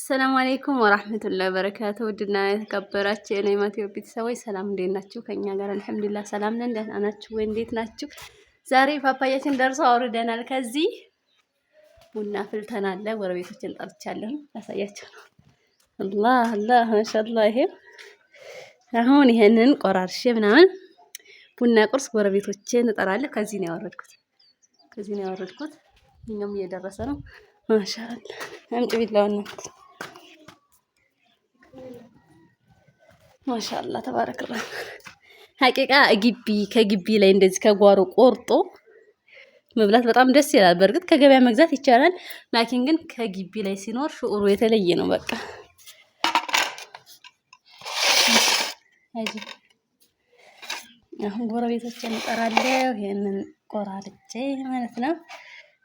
አሰላሙ አሌይኩም ወራህመቱላሂ ወበረካቱ። ውድና የተከበራችሁ የናይማቴዮ ቤተሰቦች ሰላም፣ እንዴት ናችሁ? ከኛ ጋር አልሐምዱሊላህ ሰላም ነን። ደህና ናችሁ ወይ? እንዴት ናችሁ? ዛሬ ፓፓያችን ደርሶ አውርደናል። ከዚህ ቡና ፍልተናል። ጎረቤቶችን ጠርቻለሁ፣ ያሳያችሁ ነው። አላህ አላህ ማሻአላህ። ይሄ አሁን ይሄንን ቆራርሼ ምናምን ቡና ቁርስ ጎረቤቶችን እጠራለሁ። ከዚህ ነው ያወረድኩት፣ ከዚህ ነው ያወረድኩት። እኛም እየደረሰ ነው። ማሻአላህ አምጪ ቢላውን ማሻላ ተባረክላ ሀቂቃ ግቢ ከግቢ ላይ እንደዚህ ከጓሮ ቆርጦ መብላት በጣም ደስ ይላል። በእርግጥ ከገበያ መግዛት ይቻላል። ላኪን ግን ከግቢ ላይ ሲኖር ሽዑሩ የተለየ ነው። በቃ አሁን ጎረቤቶች እንጠራለሁ። ይህንን ቆራርጬ ማለት ነው።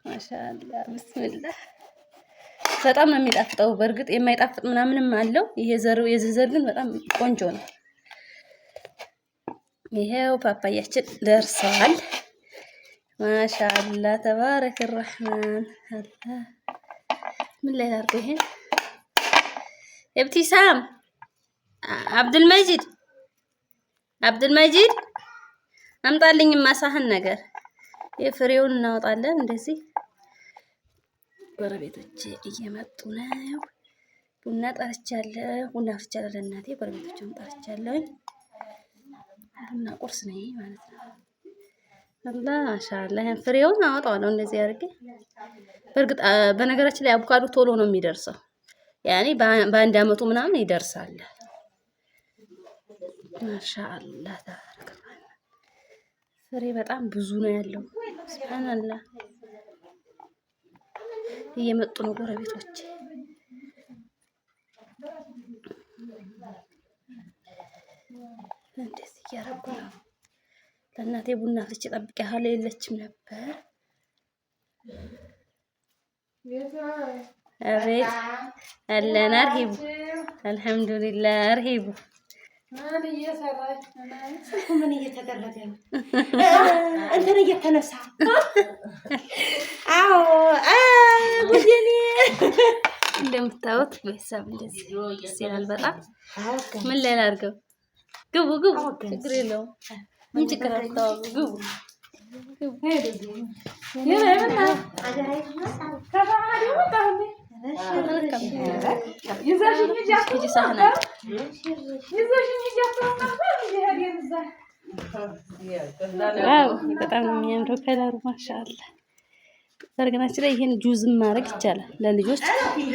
ማሻላ ብስሚላህ በጣም ነው የሚጣፍጠው። በእርግጥ የማይጣፍጥ ምናምንም አለው። ይሄ ዘር የዚህ ዘር ግን በጣም ቆንጆ ነው። ይሄው ፓፓያችን ደርሰዋል። ማሻአላ ተባረክ ረህማን። ምን ላይ ላርገው? ይሄን? ኢብቲሳም አብዱልመጂድ አብዱልመጂድ አምጣልኝማ ሳህን ነገር የፍሬውን እናወጣለን እንደዚህ ጎረቤቶች እየመጡ ነው። ቡና ጠርቻለሁ። ቡና አፍርቻለሁ ለእናቴ ጎረቤቶችም ጠርቻለሁ። ቡና ቁርስ ነኝ ማለት ነው። አላ ማሻአላ ፍሬውን አወጣው ነው እንደዚህ አድርጌ። በእርግጥ በነገራችን ላይ አቮካዶ ቶሎ ነው የሚደርሰው፣ ያኔ በአንድ አመቱ ምናምን ይደርሳል። ማሻአላ ፍሬ በጣም ብዙ ነው ያለው። ሱብሃንአላህ እየመጡ ነው ጎረቤቶች። እንደዚህ እያረጉ ነው። ለእናቴ ቡና ፍልቼ ጠብቂያለሁ የለችም ነበር። አቤት አለን አርሂቡ፣ አልሐምዱሊላህ አርሂቡ ምን እየተደረገ ነው? እንትን እየተነሳ አዎ፣ ጉዴኔ እንደምታዩት ቤተሰብ እንደዚህ ደስ ይላል በጣም። ምን ላይ ላድርገው? ግቡ ግቡ፣ ችግር የለውም። ምን ችግር አልተዋሉ። ግቡ ግቡ በጣም የሚያምረው ከለሩ ማሻአላ። በርግናችን ላይ ይሄን ጁዝ ማድረግ ይቻላል። ለልጆች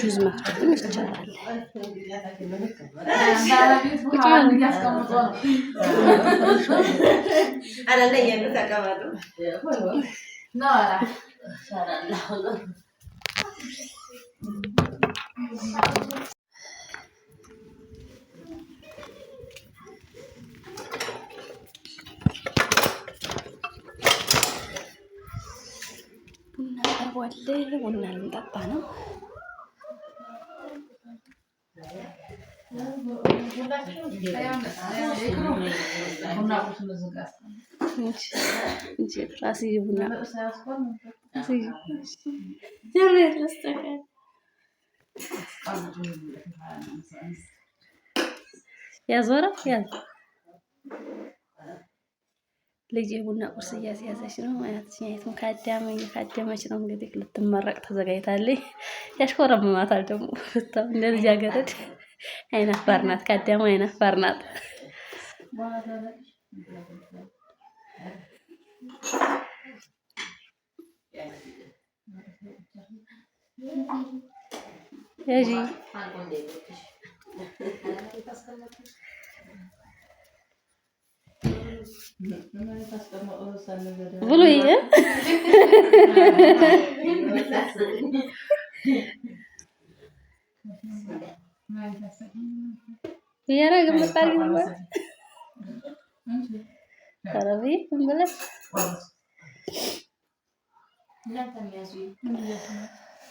ጁዝ ማፍጨትም ይቻላል። ቡና ቀርቧል። ቡና ልንጠጣ ነው። ቡና ያዞረ ያዝ ልጅ ቡና ቁርስ እያስያዘች ነው። አያትኛይቱም ካዳመኝ ካደመች ነው እንግዲህ ልትመረቅ ተዘጋጅታለች። ያሽኮረምማታል ደግሞ ብታው እንደ ልጃገረድ አይን አፋር ናት። ካዳማ አይን ናት። Thank 여기. É, Vului, né? e? Era gândit pe gândit. Taravi, îmi Para Nu vamos lá. iazui. Nu te-am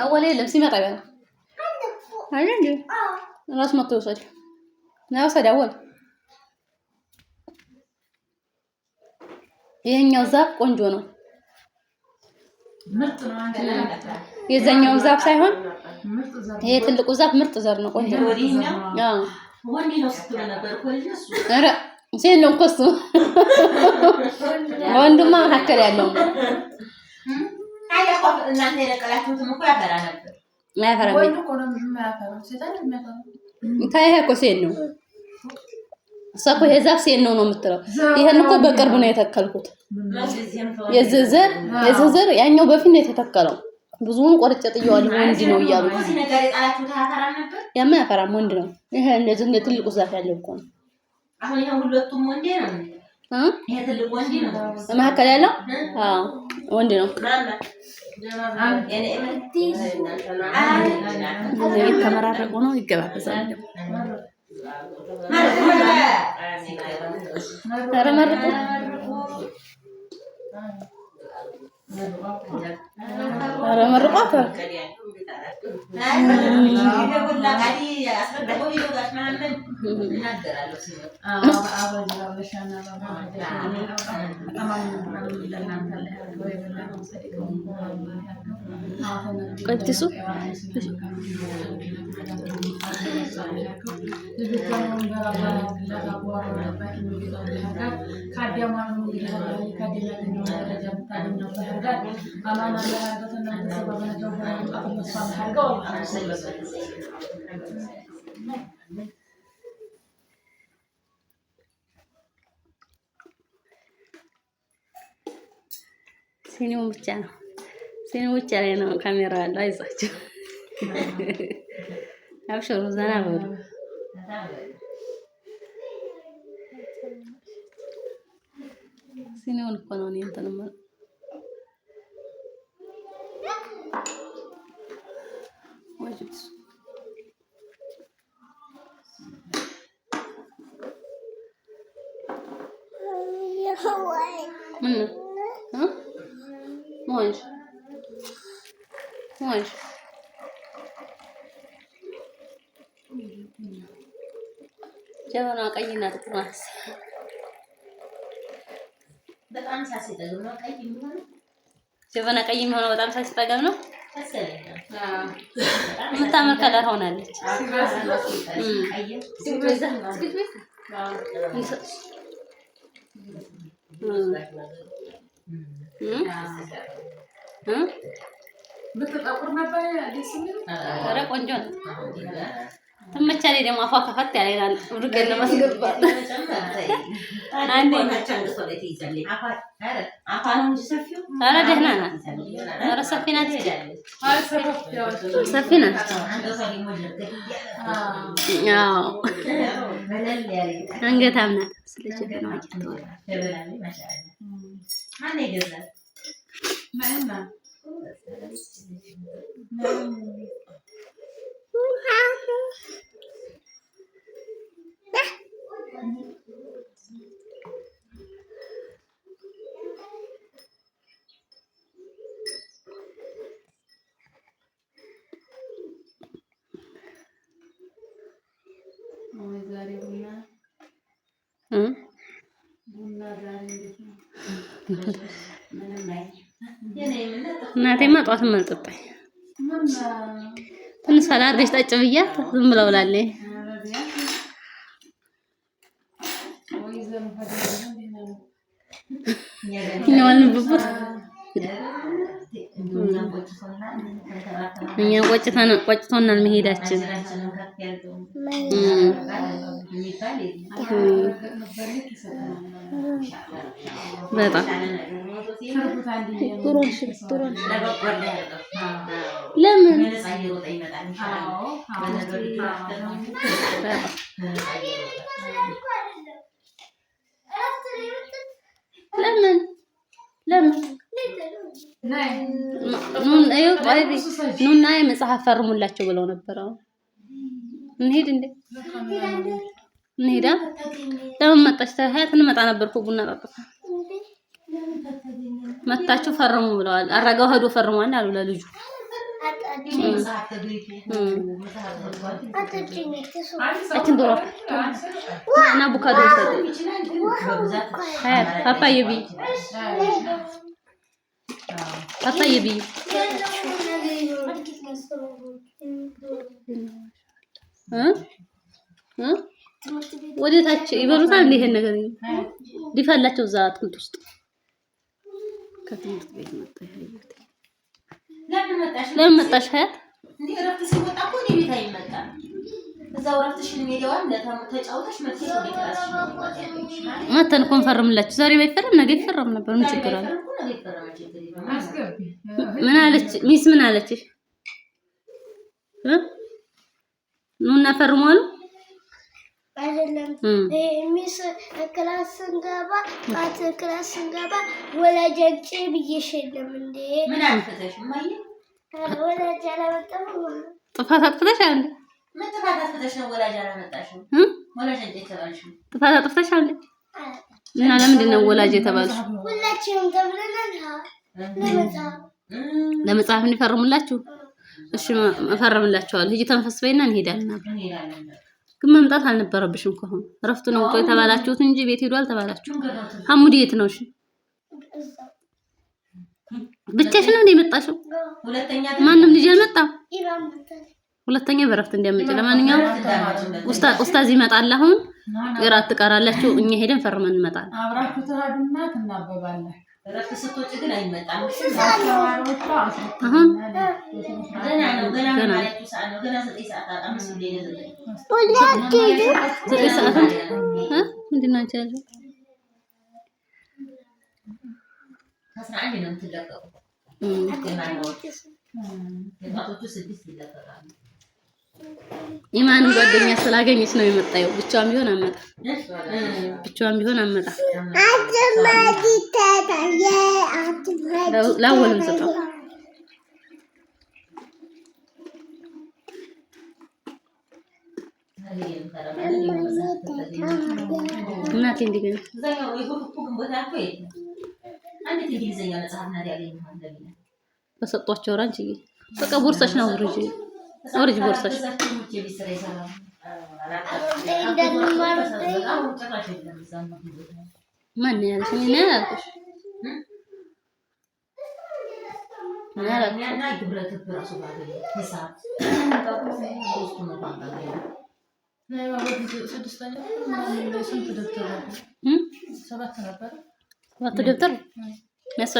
አወሌ የለም። ሲመጣ ይበላል አይደል? እንደ እራሱ መቶ ይወሰድ ና ውሰድ። አወል ይሄኛው ዛፍ ቆንጆ ነው። የዛኛው ዛፍ ሳይሆን ይሄ ትልቁ ዛፍ ምርጥ ዘር ነው። ቆንጆ ነው። ሴት ነው እኮ እሱ። ወንዱማ መካከል ያለው ነው። ታይ እኮ ሴት ነው እሷ እኮ የዛፍ ሴት ነው ነው የምትለው። ይሄን እኮ በቅርብ ነው የተከልኩት። የዚህ ዘር ያኛው በፊት ነው የተተከለው። ብዙውን ቆርጬ ጥየዋለሁ። ወንድ ነው እያሉ ያማ ያፈራም ወንድ ነው። ይሄ እንደዚህ እንደ ትልቁ ዛፍ ያለው እኮ ነው። አሁን ይሄ ሁለቱም ወንድ ነው። ይሄ ነው። ያለው ወንድ ነው። ተመራረቁ ነው ይገባበዛል። መርቆ መርቆ Kau eh, tisu? Sini mau ሲኒ ውጭ ላይ ነው ካሜራ ያለው። አይዟቸው፣ አብሽሩ፣ ዘና በሉ። ሲኒውን እኮ ነው እኔ እንትን የምለው ምነው Думаєш? ጀበና ቀይና ጥቁር በጣም ሳሲጠገብ ነው ቀይ የሚሆነው። ጀበና ቀይ የሚሆነው በጣም ሳሲጠገብ ነው። የምታምር ከለር ሆናለች። ብትጠቁር ነበር ደስ የሚል ኧረ ቆንጆ ነው። ትመቻኔ ደግሞ አፏ ከፈት ያለ ይላል። ብርቄን ለማስገባት ኧረ ደህና ናት። ኧረ ሰፊ ናት፣ ሰፊ ናት። አንገታም ናት። ስለጀ 妈妈，你好，好。እናቴማ ጧትም አልጠጣኝ ትንሽ ፈላ አድርገሽ ጠጭ ብያት ዝም ብለው ብላለች። እኛ ቆጭቶናል መሄዳችን لمن لمن لمن نون نايم صح فرمولاتشو ولو نبرا نهيد اندي እንሄዳ። ለምን መጣች? እንመጣ ነበር እኮ ቡና ጠጥታ መታችሁ ፈርሙ ብለዋል። አረጋው ሄዶ ፈርሟል አሉ ለልጁ ዶሮ እና ቡካዶ ፓፓዬ ፓፓዬ እ እ ወደታች ይበሉታል። ይሄን ነገር ሊፈላቸው እዛ አትክልት ውስጥ ከትምህርት ቤት መጣ። ለምን መጣሽ ሀያት? መተን ኮንፈርምላችሁ ዛሬ ባይፈረም ነገ ይፈረም ነበር። ምን ችግር አለ? ምን አለች ሚስ? ምን አለች? ኑና ፈርሙ አይደለም። ሚስ ክላስ ስንገባ ጣት ክላስ ስንገባ ወላጀንጭ ብዬሽ የለም እንዴ? ምን አንፈተሽ ማየ ወላጅ አላመጣም። ጥፋት አጥፍተሽ አንዴ ምን ጥፋት አጥፍተሽ ነው ወላጅ አላመጣሽም? ወላጅ እንዴ ተባልሽ? ጥፋት አጥፍተሽ አንዴ እና ለምንድን ነው ወላጅ የተባልሽ? ሁላችንም ተብለናል። ለመጽሐፍ ለመጽሐፍ እንፈርምላችሁ። እሺ እፈርምላችኋለሁ። ተንፈስ በይና እንሄዳለን። ግን መምጣት አልነበረብሽም። ከሆነ እረፍት ነው ወጥቶ የተባላችሁት እንጂ ቤት ሄዷል ተባላችሁ። ሐሙድ የት ነው? እሺ ብቻሽን ነው የመጣሽው? ማንም ልጅ አልመጣም። ሁለተኛ በረፍት እንዲያመጭ። ለማንኛውም ኡስታ ኡስታዝ ይመጣል። አሁን እራት ትቀራላችሁ። እኛ ሄደን ፈርመን እንመጣለን። አብራችሁ ትራዱና ትናበባላችሁ። እረፍት ስትወጪ ግን አይመጣም። ገና ነው ገና ማለት ሰዓት ነው። ገና ዘጠኝ ሰዓት አምስት ዘጠኝ ሰዓት ምንድን ነው አንቺ ያለው አስራ አንድ ነው የምትለቀቁ ማነው የጣቶቹ ስድስት ይለቀቃሉ። ኢማን ጓደኛ ስላገኘች ነው የመጣው። ብቻዋን ቢሆን አመጣ ብቻዋን ቢሆን አመጣ። ላወልም ሰጠው እናቴ እንዲገኝ በሰጧቸው ራንች በቃ ቦርሳሽ ነው ኦሬጅ ቦርሳሽ ማን ያለሽ? እኔ ነኝ አልኩሽ። ሰባቱ ደብተር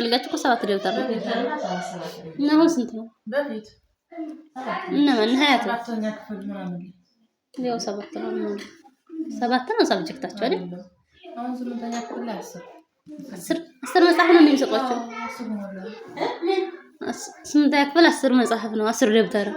የሚያስፈልጋችሁ እኮ ሰባት ደብተር ነው። አሁን ስንት ነው? እነማን ሀያት ነው ሰባት ነው ሰባት ነው ሳብጀክታቸው አይደል? አስር መጽሐፍ ነው የሚሰጧቸው። ስምንተኛ ክፍል አስር መጽሐፍ ነው አስር ደብተር